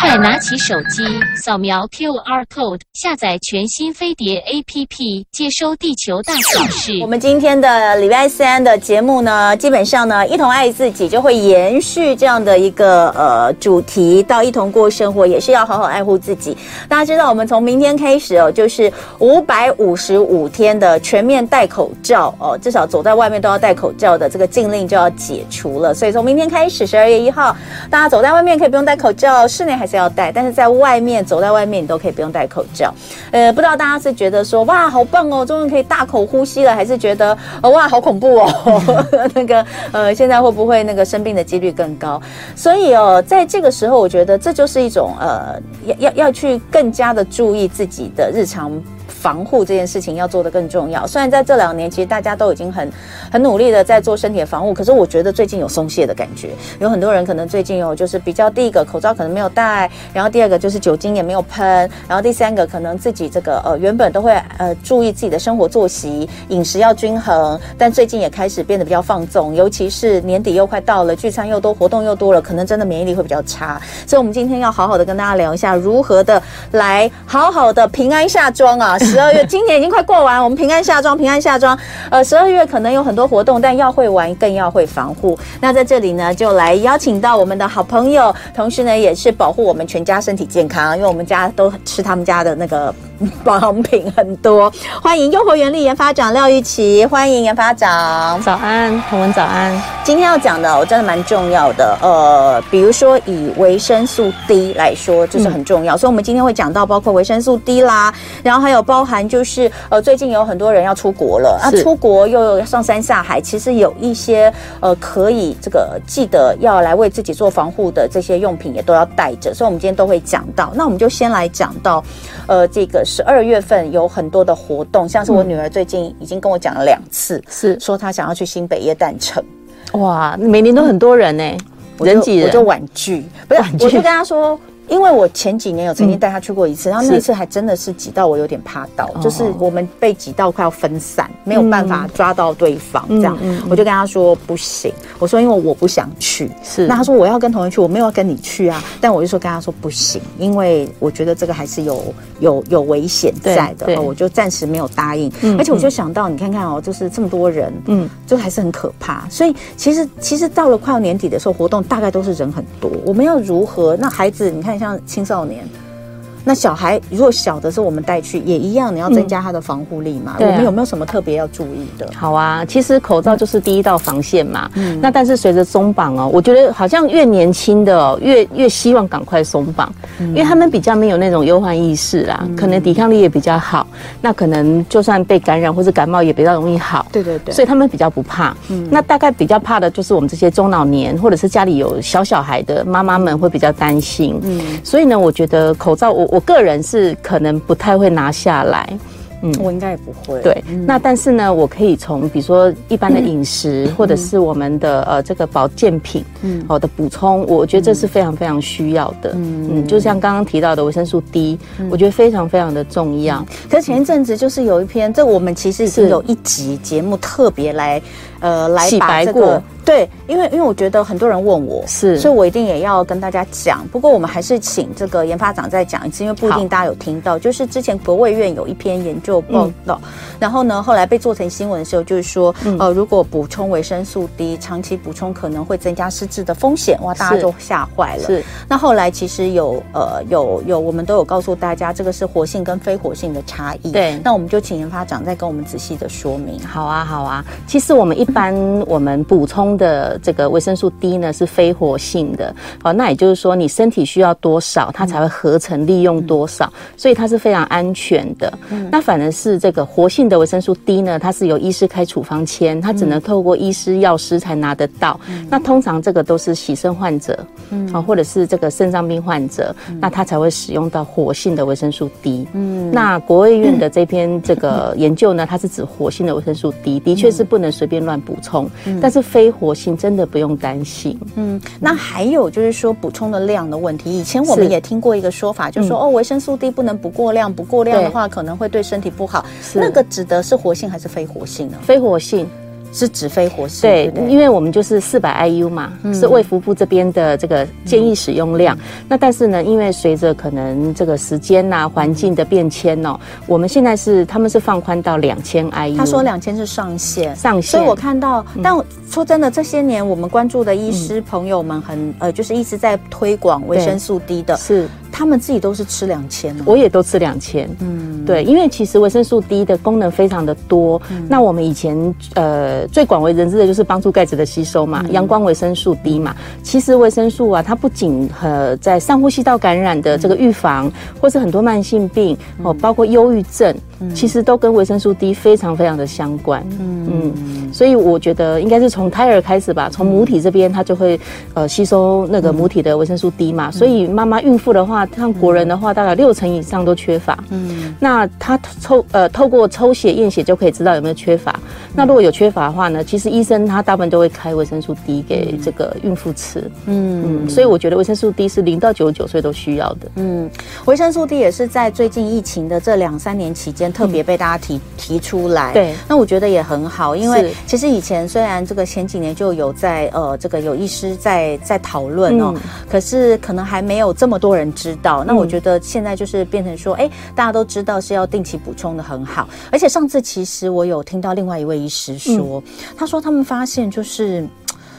快拿起手機，掃描 QR code，下載全新飛碟 APP，接收地球大小事。我們今天的禮拜三的節目呢，基本上呢，一同愛自己就會延續這樣的一個呃主題，到一同過生活也是要好好愛護自己。大家知道，我們從明天開始哦，就是五百五十五天的全面戴口罩哦，至少走在外面都要戴口罩的這個禁令就要解除了，所以從明天開始，十二月一號，大家走在外面可以不用戴口罩。是哪？還是要戴，但是在外面，走在外面，你都可以不用戴口罩。呃，不知道大家是覺得說，哇好棒哦，終於可以大口呼吸了，還是覺得、呃、哇好恐怖哦？ 那個呃，現在會不會那個生病的幾率更高？所以哦，在這個時候，我覺得這就是一種呃，要要要去更加的注意自己的日常。防護這件事情要做得更重要。雖然在這兩年，其實大家都已經很很努力的在做身體的防護，可是我覺得最近有鬆懈的感覺。有很多人可能最近有，就是比較第一個口罩可能沒有戴，然後第二個就是酒精也沒有噴，然後第三個可能自己這個呃原本都會呃注意自己的生活作息、飲食要均衡，但最近也開始變得比較放縱，尤其是年底又快到了，聚餐又多，活動又多了，可能真的免疫力會比較差。所以我們今天要好好的跟大家聊一下如何的來好好的平安下莊啊。 十二月， 今年已經快過完，我們平安下莊，平安下莊。呃，十二月可能有很多活動，但要會玩，更要會防護。那在這裡呢，就來邀請到我們的好朋友，同時呢，也是保護我們全家身體健康，因為我們家都吃他們家的那個。保養品很多，歡迎悠活原力研發長廖育琦，歡迎研發長，早安，彤雯早安。今天要講的，我真的蠻重要的，呃，比如說以維生素 D 來說，就是很重要，嗯、所以我們今天會講到包括維生素 D 啦，然後還有包含就是，呃，最近有很多人要出國了，啊，是出國又上山下海，其實有一些呃可以這個記得要來為自己做防護的這些用品也都要帶着，所以我們今天都會講到。那我們就先來講到，呃，這個。十二月份有很多的活動，像是我女兒最近已經跟我講了兩次，嗯、是說她想要去新北耶誕城。哇，每年都很多人呢、欸，嗯、人擠人我就婉拒，不是具我就跟她說。因為我前幾年有曾經帶他去過一次，嗯、然後那次還真的是擠到我有點怕到，是就是我們被擠到快要分散，嗯、沒有辦法抓到對方、嗯、這樣，嗯、我就跟他說不行，我說因為我不想去，是那他說我要跟同學去，我沒有要跟你去啊，但我就說跟他說不行，因為我覺得這個還是有有有危險在的、哦，我就暫時沒有答應，嗯、而且我就想到你看看哦，就是這麼多人，嗯，就還是很可怕，所以其實其實到了快要年底的時候，活動大概都是人很多，我們要如何？那孩子，你看。像青少年。那小孩如果小的時候我們帶去也一樣，你要增加他的防護力嘛。我們、嗯、對啊、有沒有什麼特別要注意的？好啊，其實口罩就是第一道防線嘛。嗯。那但是隨着鬆綁哦，我覺得好像越年輕的、哦、越越希望趕快鬆綁，嗯、因為他們比較沒有那種憂患意識啦，嗯、可能抵抗力也比較好。那可能就算被感染或者感冒也比較容易好。對對對。所以他們比較不怕。嗯。那大概比較怕的就是我們這些中老年，嗯、或者是家裡有小小孩的媽媽們會比較擔心。嗯。所以呢，我覺得口罩我。我個人是可能不太會拿下來，嗯，我應該也不會。對，嗯、那但是呢，我可以從比如說一般的飲食，或者是我們的呃這個保健品，嗯，好的補充，我覺得這是非常非常需要的。嗯，嗯，就像剛剛提到的維生素 D，嗯，我覺得非常非常的重要。嗯、可是前一陣子就是有一篇，這我們其實是有一集節目特別來，是呃，來、這個、洗白過。對，因為因為我覺得很多人問我，是，所以我一定也要跟大家講。不過我們還是請這個研發長再講一次，因為不一定大家有聽到。好就是之前國衛院有一篇研究報告，嗯、然後呢，後來被做成新聞的時候，就是說，嗯、呃，如果補充維生素 D，長期補充可能會增加失智的風險。哇，大家都嚇壞了。是。那後來其實有，呃，有有，有，我們都有告訴大家，這個是活性跟非活性的差異。對。那我們就請研發長再跟我們仔細的說明。好啊，好啊。其實我們一般我們補充的這個維生素 D 呢是非活性的哦，那也就是說你身體需要多少，它才會合成利用多少，所以它是非常安全的。那反而是這個活性的維生素 D 呢，它是由醫師開處方簽，它只能透過醫師藥師才拿得到。那通常這個都是洗腎患者啊，或者是這個腎臟病患者，那他才會使用到活性的維生素 D。嗯，那國衛院的這篇這個研究呢，它是指活性的維生素 D 的確是不能隨便亂補充，但是非活性的活性真的不用擔心。嗯，那還有就是說補充的量的問題。以前我們也聽過一個說法，是就是說哦，維生素 D 不能補過量，不過量的話可能會對身體不好。對那個指的是活性還是非活性呢？非活性。是指非活性對，對對，因為我們就是四百 IU 嘛，嗯、是衛福部這邊的這個建議使用量。嗯、那但是呢，因為隨着可能這個時間吶、啊、環境的變遷哦，我們現在是他們是放寬到兩千 IU。他說兩千是上限，上限。所以我看到，嗯、但說真的，這些年我們關注的醫師朋友們很、嗯、呃，就是一直在推廣維生素 D 的。是。他們自己都是吃兩千，我也都吃兩千。嗯，對，因為其實維生素 D 的功能非常的多。嗯、那我們以前呃最廣為人知的就是幫助鈣質的吸收嘛，陽光維生素 D 嘛。嗯、其實維生素啊，它不僅呃在上呼吸道感染的這個預防，嗯、或是很多慢性病哦、喔，包括憂鬱症。嗯其實都跟維生素 D 非常非常的相關，嗯嗯，所以我覺得應該是從胎兒開始吧，從母體這邊它就會呃吸收那個母體的維生素 D 嘛，所以媽媽孕婦的話，像國人的話，大概六成以上都缺乏，嗯，那他抽呃透過抽血驗血就可以知道有沒有缺乏，那如果有缺乏的話呢，其實醫生他大部分都會開維生素 D 給這個孕婦吃，嗯，嗯，所以我覺得維生素 D 是零到九十九歲都需要的，嗯，維生素 D 也是在最近疫情的這兩三年期間。特別被大家提、嗯、提出來，對，那我覺得也很好，因為其實以前雖然這個前幾年就有在呃這個有醫師在在討論哦，嗯、可是可能還沒有這麼多人知道。那我覺得現在就是變成說，哎、欸，大家都知道是要定期補充的很好。而且上次其實我有聽到另外一位醫師說，嗯、他說他們發現就是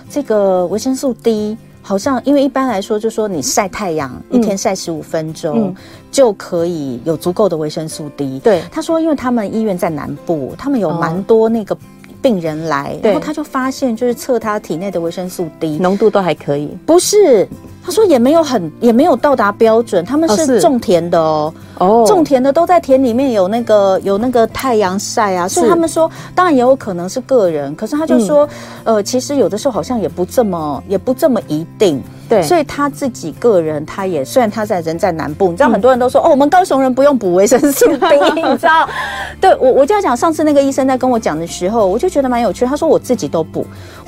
這個維生素 D。好像，因為一般來說，就說你曬太陽、嗯、一天曬十五分鐘、嗯、就可以有足夠的維生素 D。對，他說，因為他們醫院在南部，他們有蠻多那個病人來，哦、然後他就發現，就是測他體內的維生素 D 濃度都還可以，不是。他說也沒有很也沒有到達標準，他們是種田的哦，哦，種田的都在田裡面有那個有那個太陽曬啊，是所以他們說當然也有可能是個人，可是他就說、嗯、呃，其實有的時候好像也不這麼也不這麼一定，對，所以他自己個人他也雖然他在人在南部，你知道很多人都說、嗯、哦，我們高雄人不用補維生素，你知道？ 對，我我就要講上次那個醫生在跟我講的時候，我就覺得蠻有趣，他說我自己都補，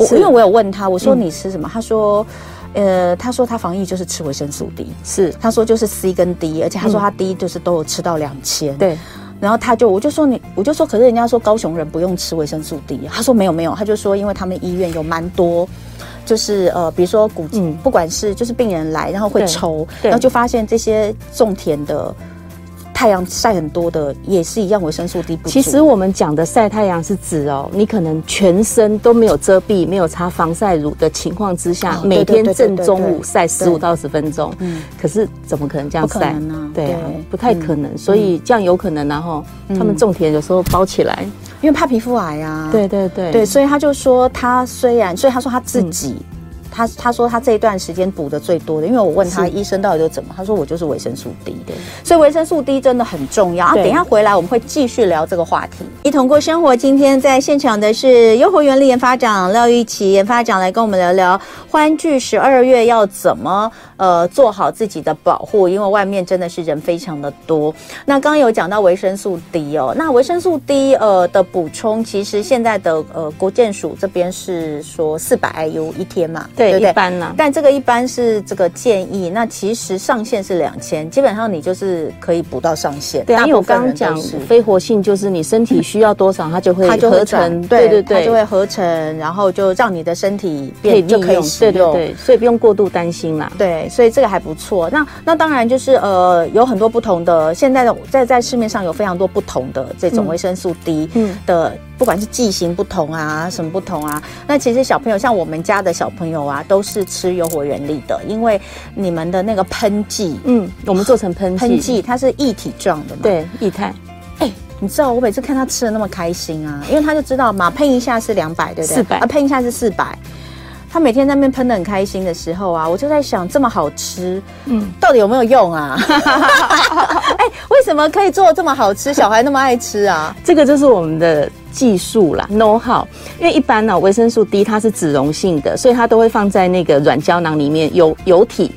是我因為我有問他，我說你吃什麼？嗯、他說。呃，他說他防疫就是吃維生素 D，是，他說就是 C 跟 D，而且他說他 D 就是都有吃到兩千、嗯。對，然後他就我就說你我就說，可是人家說高雄人不用吃維生素 D，他說沒有沒有，他就說因為他們醫院有蠻多，就是呃，比如說骨、嗯、不管是就是病人來，然後會抽，然後就發現這些種田的。太陽晒很多的也是一樣，維生素 D 不足。其實我們講的曬太陽是指哦、喔，你可能全身都沒有遮蔽、沒有擦防曬乳的情況之下，哦、每天正中午曬十五到十分鐘，可是怎麼可能這樣曬呢？對，不，不太可能。所以這樣有可能、啊，然後、嗯、他們種田有時候包起來，因為怕皮膚癌啊。對對對對，對，所以他就說他雖然，所以他說他自己、嗯。他他說他這一段時間補的最多的，因為我問他醫生到底都怎麼，是他說我就是維生素 D。對，所以維生素 D 真的很重要對啊。等一下回來我們會繼續聊這個話題。對一同過生活，今天在現場的是悠活原力研發長廖育琦研發長來跟我們聊聊，歡聚十二月要怎麼呃做好自己的保護，因為外面真的是人非常的多。那剛剛有講到維生素 D 哦，那維生素 D 呃的補充，其實現在的呃國健署這邊是說四百 IU 一天嘛。對，一般啦。但這個一般是這個建議，那其實上限是兩千，基本上你就是可以補到上限。對，因為我剛剛講非活性，就是你身體需要多少，它就會它就合成。對對對，它就會合成，然後就讓你的身體可以對對對，所以不用過度擔心啦。對，所以這個還不錯。那那當然就是呃，有很多不同的，現在的在在市面上有非常多不同的這種維生素 D 的。不管是劑型不同啊，什麼不同啊？那其實小朋友像我們家的小朋友啊，都是吃悠活原力的，因為你們的那個噴劑，嗯，我們做成噴噴劑，它是液體狀的嘛，對，液態。哎、欸，你知道我每次看他吃的那麼開心啊，因為他就知道嘛，噴一下是兩百，對不對？四百啊，噴一下是四百。他每天在那邊噴的很開心的時候啊，我就在想，這麼好吃，嗯，到底有沒有用啊？哎、 欸，為什麼可以做得這麼好吃，小孩那麼愛吃啊？ 這個就是我們的。技術啦，know how，因為一般呢、哦，維生素 D 它是脂溶性的，所以它都會放在那個軟膠囊裡面，油油體，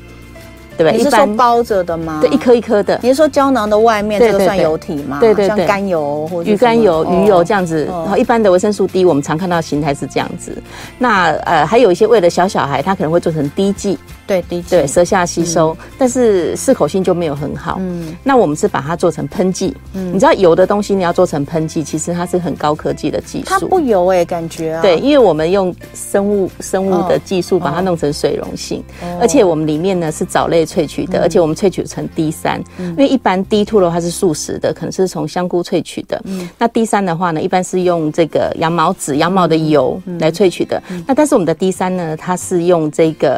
對吧？你是說包着的嗎？對，一顆一顆的。你是說膠囊的外面這個算油體嗎？對對，對，對，像甘油或者魚肝油、魚油這樣子。哦、然後一般的維生素 D，我們常看到形態是這樣子。那呃，還有一些為了小小孩，他可能會做成滴劑。對，對，舌下吸收，但是適口性就沒有很好。嗯，那我們是把它做成噴劑。嗯，你知道，油的東西你要做成噴劑，其實它是很高科技的技術。它不油哎，感覺啊。對，因為我們用生物生物的技術把它弄成水溶性，而且我們裡面呢是藻類萃取的，而且我們萃取成 D 三。因為一般 D 2的話是素食的，可能是從香菇萃取的。嗯，那 D 三的話呢，一般是用這個羊毛脂、羊毛的油來萃取的。那但是我們的 D 三呢，它是用這個。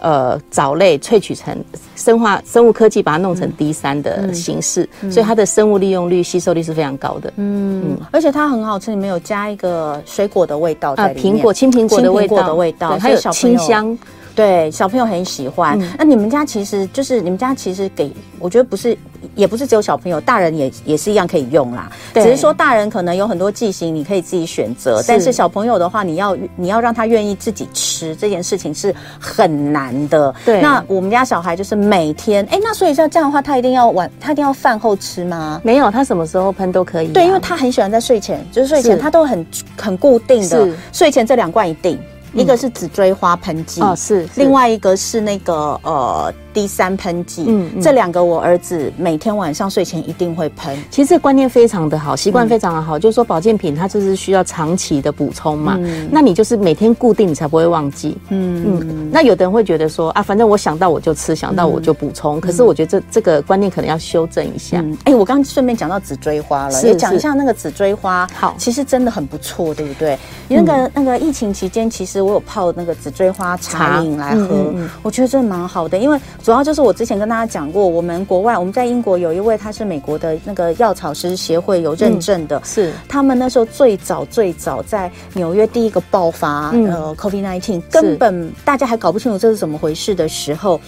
呃，藻類萃取成，生化生物科技把它弄成 d 三的形式，嗯嗯、所以它的生物利用率、吸收率是非常高的。嗯，而且它很好吃，裡面有加一個水果的味道啊，蘋果、青蘋果的味道，還有清香。對，小朋友很喜歡。嗯、那你們家其實就是你們家其實給我覺得不是，也不是只有小朋友，大人也也是一樣可以用啦。對只是說大人可能有很多劑型，你可以自己選擇。是但是小朋友的話，你要你要讓他願意自己吃這件事情是很難的。對。那我們家小孩就是每天，哎、欸，那所以像這樣的話，他一定要晚，他一定要飯後吃嗎？沒有，他什麼時候噴都可以、啊。對，因為他很喜歡在睡前，就是睡前他都很是很固定的是睡前這兩罐一定。一個是紫錐花盆肌、嗯哦、另外一個是那個呃。第三噴劑，這兩個我兒子每天晚上睡前一定會噴。其實觀念非常的好，習慣非常的好，就是說保健品它就是需要長期的補充嘛。那你就是每天固定，你才不會忘記。嗯嗯。那有的人會覺得說啊，反正我想到我就吃，想到我就補充。可是我覺得這這個觀念可能要修正一下。哎，我剛剛順便講到紫錐花了，也講一下那個紫錐花。好，其實真的很不錯，對不對？那個那個疫情期間，其實我有泡那個紫錐花茶飲來喝，我覺得真的蠻好的，因為。主要就是我之前跟大家講過，我們國外，我們在英國有一位，他是美國的那個藥草師協會有認證的，嗯、是他們那時候最早最早在紐約第一個爆發，嗯、呃，COVID-19，根本是大家還搞不清楚這是怎麼回事的時候，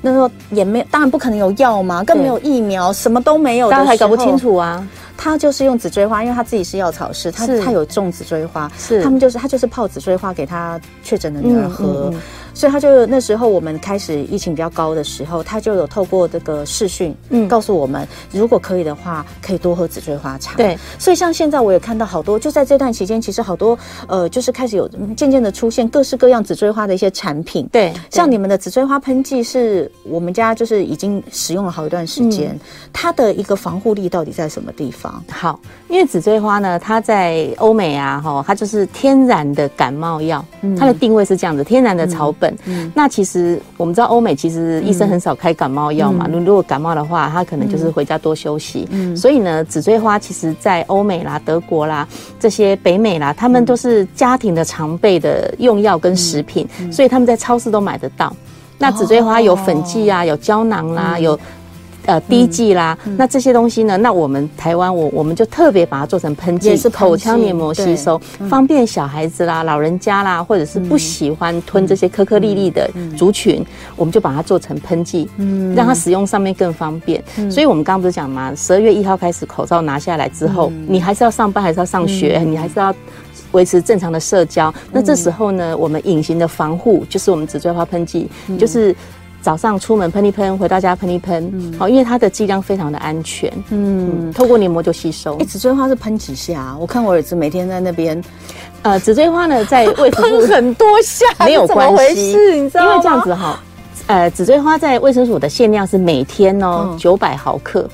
那時候也沒有，當然不可能有藥嘛，更沒有疫苗，對什麼都沒有，大家還搞不清楚啊。他就是用紫錐花，因為他自己是藥草師，他是他有種紫錐花，是他們就是他就是泡紫錐花給他確診的女兒喝，嗯嗯嗯、所以他就那時候我們開始疫情比較高的時候，他就有透過這個視訊，嗯，告訴我們、嗯、如果可以的話，可以多喝紫錐花茶。對，所以像現在我也看到好多，就在這段期間，其實好多呃，就是開始有漸漸的出現各式各樣紫錐花的一些產品。對，像你們的紫錐花噴劑是我們家就是已經使用了好一段時間，嗯、它的一個防護力到底在什麼地方？好，因為紫錐花呢，它在歐美啊，哈，它就是天然的感冒藥。嗯、它的定位是這樣子，天然的草本。嗯嗯、那其實我們知道，歐美其實醫生很少開感冒藥嘛。嗯、如果感冒的話，他可能就是回家多休息。嗯、所以呢，紫錐花其實在歐美啦、德國啦這些北美啦，他們都是家庭的常備的用藥跟食品，嗯嗯、所以他們在超市都買得到。那紫錐花有粉劑啊，有膠囊啦、啊，有。呃，滴劑啦，那這些東西呢，那我們台灣，我我們就特別把它做成噴劑，也是口腔黏膜吸收，方便小孩子啦、老人家啦，或者是不喜歡吞這些顆顆粒粒的族群，我們就把它做成噴劑，讓它使用上面更方便。所以，我們剛剛不是講嘛，十二月一號開始口罩拿下來之後，你還是要上班，還是要上學，你還是要維持正常的社交。那這時候呢，我們隱形的防護就是我們紫錐花噴劑，就是。早上出門噴一噴，回到家噴一噴，好、嗯，因為它的劑量非常的安全，嗯，透過黏膜就吸收。欸、紫錐花是噴幾下啊？我看我兒子每天在那邊，呃，紫錐花呢，在噴很多下，沒有關係，你知道嗎？因為這樣子哈，呃，紫錐花在衛生署的限量是每天哦，九百、嗯、毫克，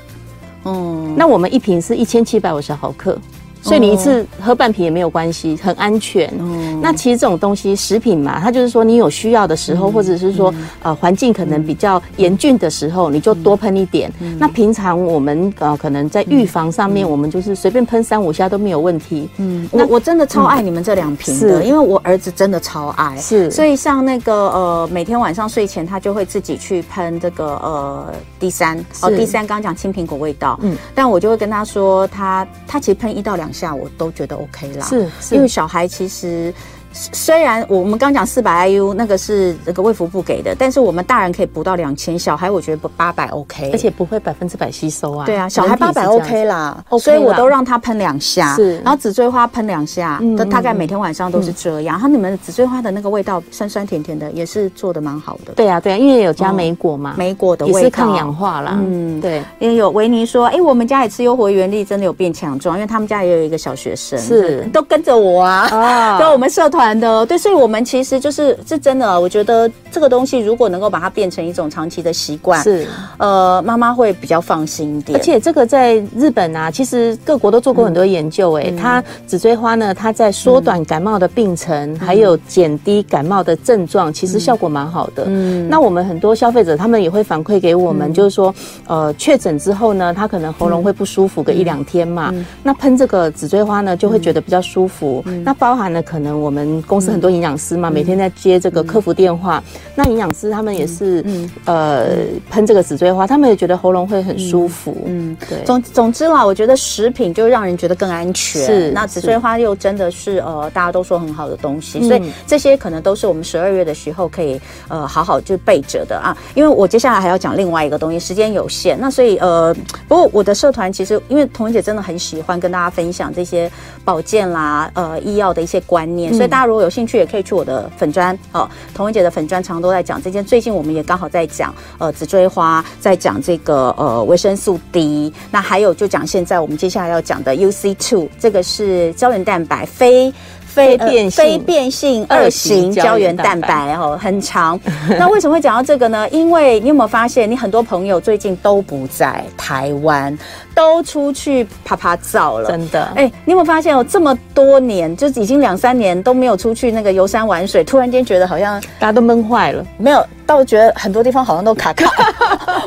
嗯，那我們一瓶是一千七百五十毫克。所以你一次喝半瓶也沒有關係，很安全。那其實這種東西，食品嘛，它就是說你有需要的時候，或者是說呃環境可能比較嚴峻的時候，你就多噴一點。那平常我們呃可能在預防上面，我們就是隨便噴三五下都沒有問題。嗯，我那我真的超愛你們這兩瓶的，因為我兒子真的超愛。是，所以像那個呃每天晚上睡前，他就會自己去噴這個呃第三是 哦，第三剛講青蘋果味道。嗯，但我就會跟他說，他他其實噴一到兩下我都覺得 OK 啦，是，是，因為小孩其實。雖然我們剛講四百 IU 那個是那個衛福部給的，但是我們大人可以補到兩千，小孩我覺得八百 OK，而且不會百分之百吸收啊。對啊，小孩八百 OK 啦，所以我都讓他噴兩下，是。然後紫錐花噴兩下，都大概每天晚上都是這樣。然後你們紫錐花的那個味道酸酸甜甜的，也是做的蠻好的。對啊，對啊，因為有加莓果嘛，莓果的也是抗氧化啦。嗯，對，因為有維尼說，哎，我們家也吃悠活原力真的有變強壯，因為他們家也有一個小學生，是都跟着我啊，跟我們社團。的對，所以，我們其實就是是真的。我覺得這個東西如果能夠把它變成一種長期的習慣，是呃，媽媽會比較放心一點。而且這個在日本啊，其實各國都做過很多研究。哎、嗯，它紫錐花呢，它在縮短感冒的病程，嗯、還有減低感冒的症狀，其實效果蠻好的。嗯、那我們很多消費者他們也會反饋給我們，嗯、就是說，呃，確診之後呢，他可能喉嚨會不舒服個一兩天嘛。嗯嗯、那噴這個紫錐花呢，就會覺得比較舒服。嗯、那包含了可能我們。公司很多營養師嘛，每天在接這個客服電話。嗯嗯、那營養師他們也是、嗯嗯、呃噴這個紫錐花，他們也覺得喉嚨會很舒服。嗯，嗯，對。總總之啦，我覺得食品就讓人覺得更安全。是。那紫錐花又真的是呃大家都說很好的東西，嗯、所以這些可能都是我們十二月的時候可以呃好好就備着的啊。因為我接下來還要講另外一個東西，時間有限，那所以呃不過我的社團其實因為彤姐真的很喜歡跟大家分享這些保健啦呃醫藥的一些觀念，嗯、所以大。那如果有興趣，也可以去我的粉專哦，彤雯姐的粉專，常都在講這件。最近我們也剛好在講，呃，紫錐花，在講這個呃維生素 D，那還有就講現在我們接下來要講的 UC two，這個是膠原蛋白非。非變非變性二型膠原蛋白哦，很長。 那為什麼會講到這個呢？因為你有沒有發現，你很多朋友最近都不在台灣，都出去啪啪照了。真的？哎、欸，你有沒有發現哦？這麼多年，就已經兩三年都沒有出去那個遊山玩水，突然間覺得好像大家都悶壞了。沒有，倒覺得很多地方好像都卡卡，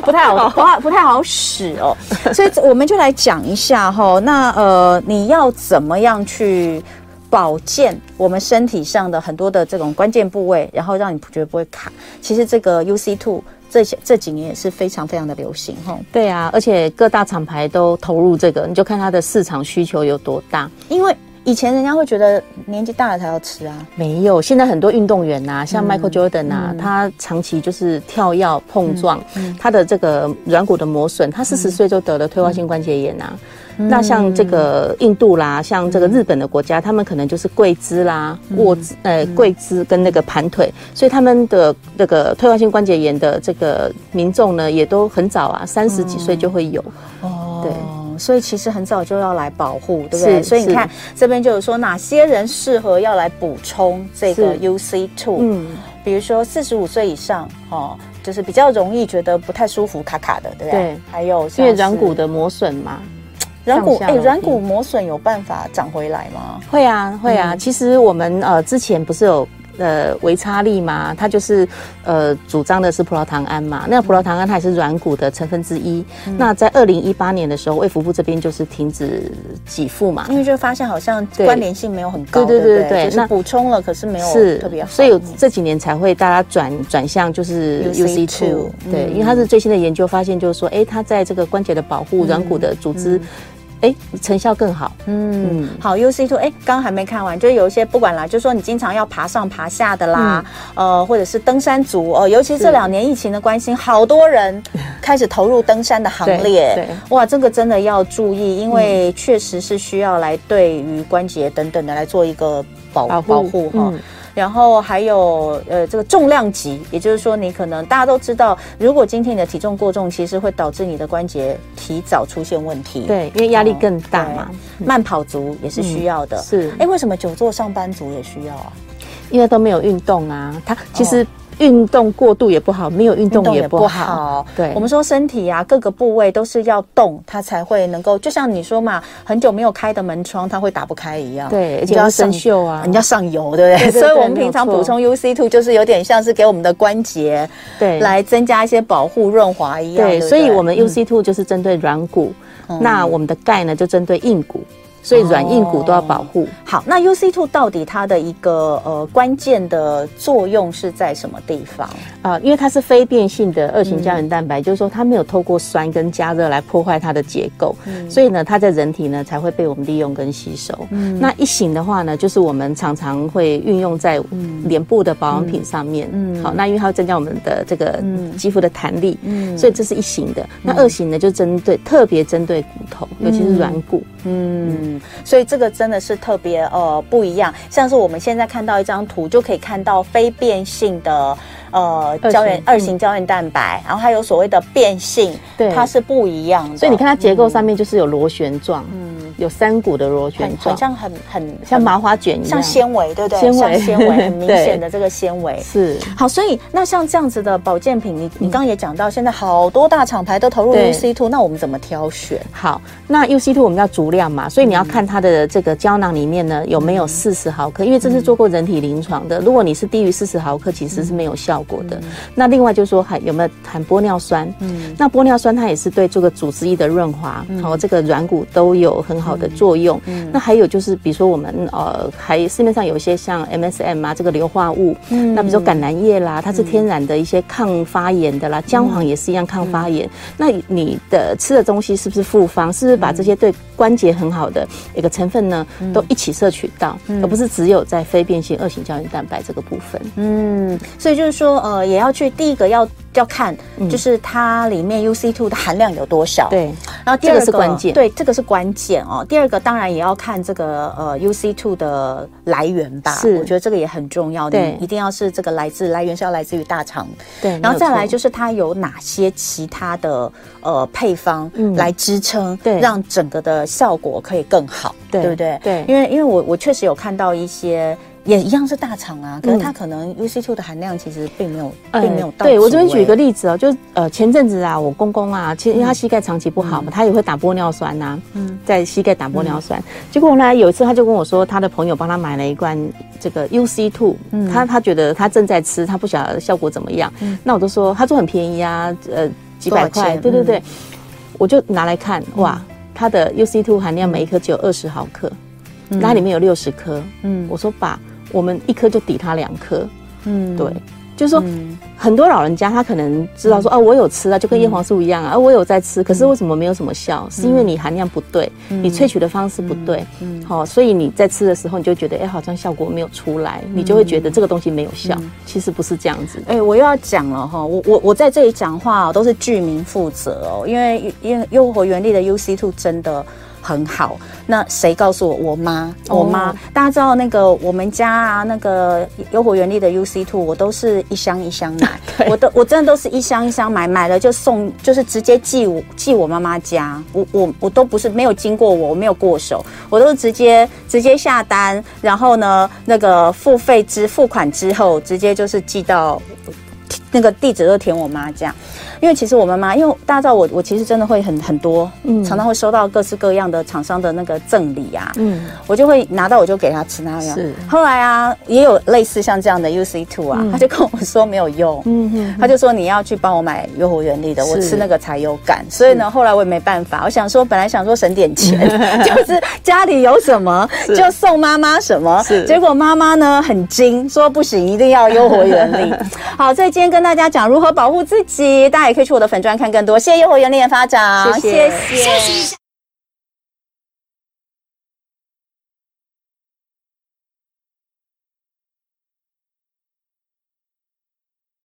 不太好， 不太好使哦。所以我們就來講一下哈。那呃，你要怎麼樣去？保健我們身體上的很多的這種關鍵部位，然後讓你覺得不會卡。其實這個 UC2 這些這幾年也是非常非常的流行哈。對啊，而且各大廠牌都投入這個，你就看它的市場需求有多大。因為以前人家會覺得年紀大了才要吃啊，沒有。現在很多運動員吶、啊，像 Michael Jordan 啊，嗯、他長期就是跳躍碰撞，嗯嗯、他的這個軟骨的磨損，他四十歲就得了退化性關節炎吶、啊。嗯嗯那像這個印度啦，像這個日本的國家，他們可能就是跪姿啦、臥姿，呃，跪姿跟那個盤腿，所以他們的那個退化性關節炎的這個民眾呢，也都很早啊，三十幾歲就會有。哦，對，所以其實很早就要來保護，對不對？所以你看這邊就有說，哪些人適合要來補充這個 UC two，嗯，比如說四十五歲以上哦，就是比較容易覺得不太舒服、卡卡的，對不對？對，還有像軟骨的磨損嘛。軟骨哎，軟骨磨損有辦法長回來嗎？會啊，會啊。其實我們呃之前不是有呃維差利嘛，他就是呃主張的是葡萄糖胺嘛。那葡萄糖胺它也是軟骨的成分之一。那在二零一八年的時候，衛福部這邊就是停止給付嘛，因為就發現好像關聯性沒有很高。對對對對，就那補充了，可是沒有特別好，所以這幾年才會大家轉轉向就是 UC two 對，因為他是最新的研究發現，就是說哎，他在這個關節的保護軟骨的組織。哎，成效更好。嗯，好。U C two，哎，剛還沒看完，就有一些不管啦，就說你經常要爬上爬下的啦，嗯、呃，或者是登山族哦、呃，尤其這兩年疫情的關係，是好多人開始投入登山的行列。 對，對哇，這個真的要注意，因為確實是需要來對於關節等等的來做一個保保護哈。然後還有，呃，這個重量級，也就是說，你可能大家都知道，如果今天你的體重過重，其實會導致你的關節提早出現問題。對，因為壓力更大嘛。嗯，慢跑族也是需要的。嗯，是，哎，為什麼久坐上班族也需要啊？因為都沒有運動啊，他其實，哦。運動過度也不好，沒有運動也不好。不好對，我們說身體呀、啊，各個部位都是要動，它才會能夠。就像你說嘛，很久沒有開的門窗，它會打不開一樣。對，而且你要生鏽啊，你要上油，對不對？對對對，所以我們平常補充 UC two 就是有點像是給我們的關節，對，來增加一些保護潤滑一樣。對，對對，所以我們 UC two 就是針對軟骨，嗯、那我們的鈣呢就針對硬骨。所以軟硬骨都要保護。Oh. 好，那 U C two 到底它的一個呃關鍵的作用是在什麼地方啊、呃？因為它是非變性的二型膠原蛋白，嗯、就是說它沒有透過酸跟加熱來破壞它的結構，嗯、所以呢，它在人體呢才會被我們利用跟吸收。嗯、那一型的話呢，就是我們常常會運用在臉部的保養品上面。嗯、好，那因為它會增加我們的這個肌膚的彈力，嗯、所以這是一型的。那二型呢，就針對特別針對骨頭，尤其是軟骨。嗯嗯嗯，所以這個真的是特別呃不一樣，像是我們現在看到一張圖，就可以看到非變性的。呃，膠原二型膠原蛋白，然後它有所謂的變性，對，它是不一樣的。所以你看它結構上面就是有螺旋狀，嗯，有三股的螺旋狀，很像很很像麻花卷一樣，像纖維對對對，纖維，纖維，很明顯的這個纖維是。好，所以那像這樣子的保健品，你你剛剛也講到，現在好多大廠牌都投入 U C two，那我們怎麼挑選？好，那 U C two 我們要足量嘛，所以你要看它的這個膠囊裡面呢有沒有四十毫克，因為這是做過人體臨床的。如果你是低於四十毫克，其實是沒有效果。果的。嗯、那另外就是說還有沒有含玻尿酸？嗯，那玻尿酸它也是對這個組織液的潤滑，然後、嗯、這個軟骨都有很好的作用。嗯嗯、那還有就是比如說我們呃還市面上有一些像 MSM 啊這個硫化物，嗯、那比如說橄欖葉啦，它是天然的一些抗發炎的啦，薑、嗯、黃也是一樣抗發炎。嗯嗯、那你的吃的東西是不是複方？是不是把這些對？關節很好的一個成分呢，嗯，都一起攝取到，嗯，而不是只有在非變性二型膠原蛋白這個部分。嗯，所以就是說，呃，也要去第一個要。要看，就是它裡面 UC two 的含量有多少。對，然後第二個是關鍵，對，這個是關鍵哦。第二個當然也要看這個呃 UC two 的來源吧，是，我覺得這個也很重要的，對。你一定要是這個來自來源是要來自於大廠，對。然後再來就是它有哪些其他的呃配方來支撐，對、嗯，讓整個的效果可以更好，對，對不對？對，因為因為我我確實有看到一些。也一樣是大廠啊，可是它可能 U C two 的含量其實並沒有，並沒有到。對我這邊舉一個例子哦，就是呃前陣子啊，我公公啊，其實因為他膝蓋長期不好嘛，他也會打玻尿酸吶，在膝蓋打玻尿酸。結果後來有一次他就跟我說，他的朋友幫他買了一罐這個 U C two，他他覺得他正在吃，他不曉得效果怎麼樣。那我就說，他說很便宜啊，呃幾百塊，對對對，我就拿來看，哇，它的 U C two 含量每一顆只有二十毫克，那裡面有六十顆，嗯，我說爸。我們一顆就抵他兩顆，嗯，對，就是說很多老人家他可能知道說，哦，我有吃啊，就跟葉黃素一樣啊，我有在吃，可是為什麼沒有什麼效？是因為你含量不對，你萃取的方式不對，好，所以你在吃的時候你就覺得，哎，好像效果沒有出來，你就會覺得這個東西沒有效。其實不是這樣子，哎，我又要講了哈，我我我在這裡講話都是具名負責哦，因為因為悠活原力的 UC two 真的。很好，那誰告訴我？我媽，我媽，哦、大家知道那個我們家啊，那個悠活原力的 U C Two，我都是一箱一箱買，啊、我都我真的都是一箱一箱買，買了就送，就是直接寄我寄我媽媽家，我我我都不是沒有經過我，我沒有過手，我都直接直接下單，然後呢，那個付費之付款之後，直接就是寄到。那個地址都填我媽家，因為其實我媽媽，因為大家知道我，我其實真的會很很多，常常會收到各式各樣的廠商的那個贈禮啊，我就會拿到我就給她吃那樣。後來啊，也有類似像這樣的 UC Two 啊，他就跟我說沒有用，他就說你要去幫我買悠活原力的，我吃那個才有感。所以呢，後來我也沒辦法，我想說本來想說省點錢，就是家裡有什麼就送媽媽什麼，結果媽媽呢很精，說不行，一定要悠活原力。好，所以今天跟。大家講如何保護自己，大家也可以去我的粉專看更多。謝謝悠活原力的研發長，謝謝。謝謝謝謝。